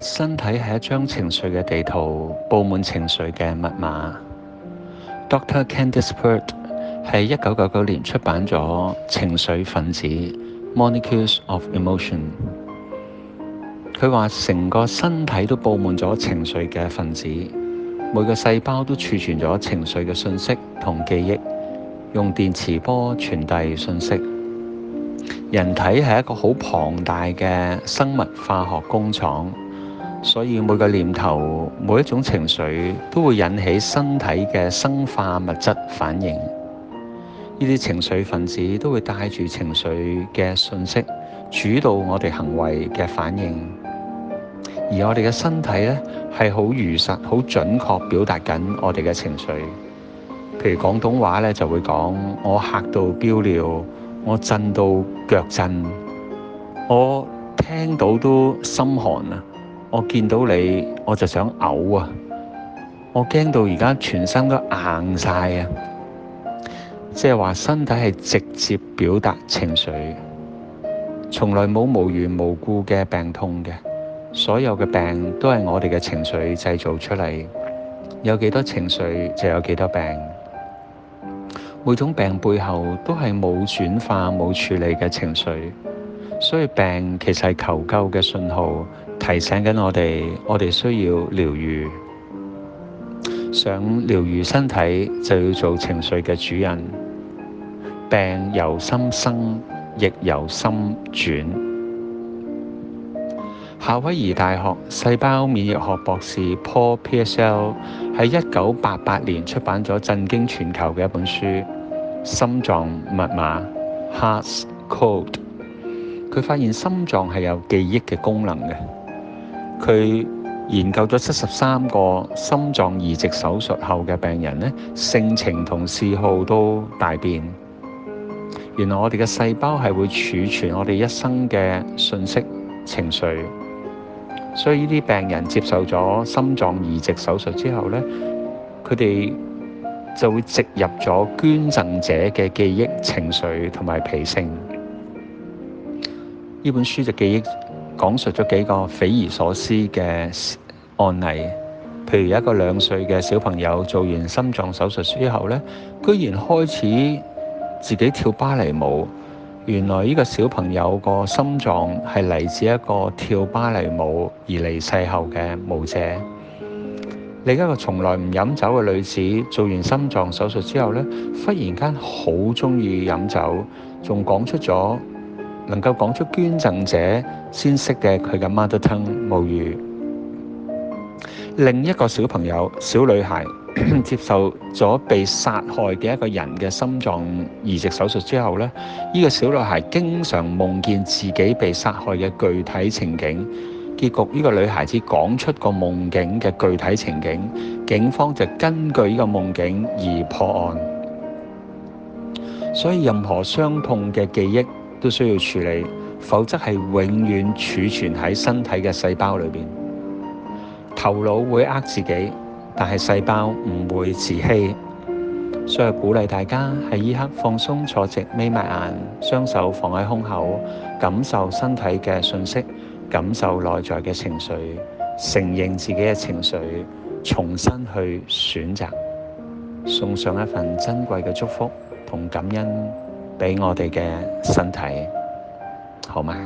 身體係一張情緒嘅地圖，布滿情緒嘅密碼。d r Candice b i r t 係一九九九年出版咗《情緒分子 m o n e c u l e s of Emotion）。佢話：成個身體都布滿咗情緒嘅分子，每個細胞都儲存咗情緒嘅信息同記憶，用電磁波傳遞信息。人體係一個好龐大嘅生物化學工廠。所以每個念頭，每一種情緒都會引起身體嘅生化物質反應，呢啲情緒分子都會帶住情緒嘅信息，主導我哋行為嘅反應，而我哋嘅身體咧係好如實好準確表達緊我哋嘅情緒，譬如廣東話咧就會講，我嚇到飆尿，我震到腳震，我聽到都心寒啊！我見到你，我就想嘔啊！我驚到而家全身都硬晒啊！即係話身體係直接表達情緒，從來冇無緣無故嘅病痛嘅，所有嘅病都係我哋嘅情緒製造出嚟，有幾多情緒就有幾多病。每種病背後都係冇轉化冇處理嘅情緒，所以病其實係求救嘅信號。提醒緊我哋，我哋需要療愈。想療愈身體，就要做情緒嘅主人。病由心生，亦由心轉。夏威夷大學細胞免疫學博士 Paul PSL 喺一九八八年出版咗震驚全球嘅一本書《心臟密碼》（Heart's Code）。佢發現心臟係有記憶嘅功能嘅。佢研究咗七十三個心臟移植手術後嘅病人呢，性情同嗜好都大變。原來我哋嘅細胞係會儲存我哋一生嘅信息、情緒。所以呢啲病人接受咗心臟移植手術之後呢，佢哋就會植入咗捐贈者嘅記憶、情緒同埋脾性。呢本書嘅記憶，講述咗幾個匪夷所思嘅案例，譬如一個兩歲嘅小朋友做完心臟手術之後呢，居然開始自己跳芭蕾舞。原來呢個小朋友個心臟係嚟自一個跳芭蕾舞而離世後嘅舞者。另一個從來唔飲酒嘅女子做完心臟手術之後呢，忽然間好中意飲酒，仲講出咗。能夠講出捐贈者先識嘅佢嘅 mother tongue 母語。另一個小朋友，小女孩接受咗被殺害嘅一個人嘅心臟移植手術之後呢，呢個小女孩經常夢見自己被殺害嘅具體情景。結局呢個女孩子講出個夢境嘅具體情景，警方就根據呢個夢境而破案。所以任何傷痛嘅記憶，都需要處理，否則係永遠儲存喺身體嘅細胞裏邊。頭腦會呃自己，但係細胞唔會自欺，所以鼓勵大家喺呢刻放鬆坐直，眯埋眼，雙手放喺胸口，感受身體嘅訊息，感受內在嘅情緒，承認自己嘅情緒，重新去選擇，送上一份珍貴嘅祝福同感恩。俾我哋嘅身體，好嗎？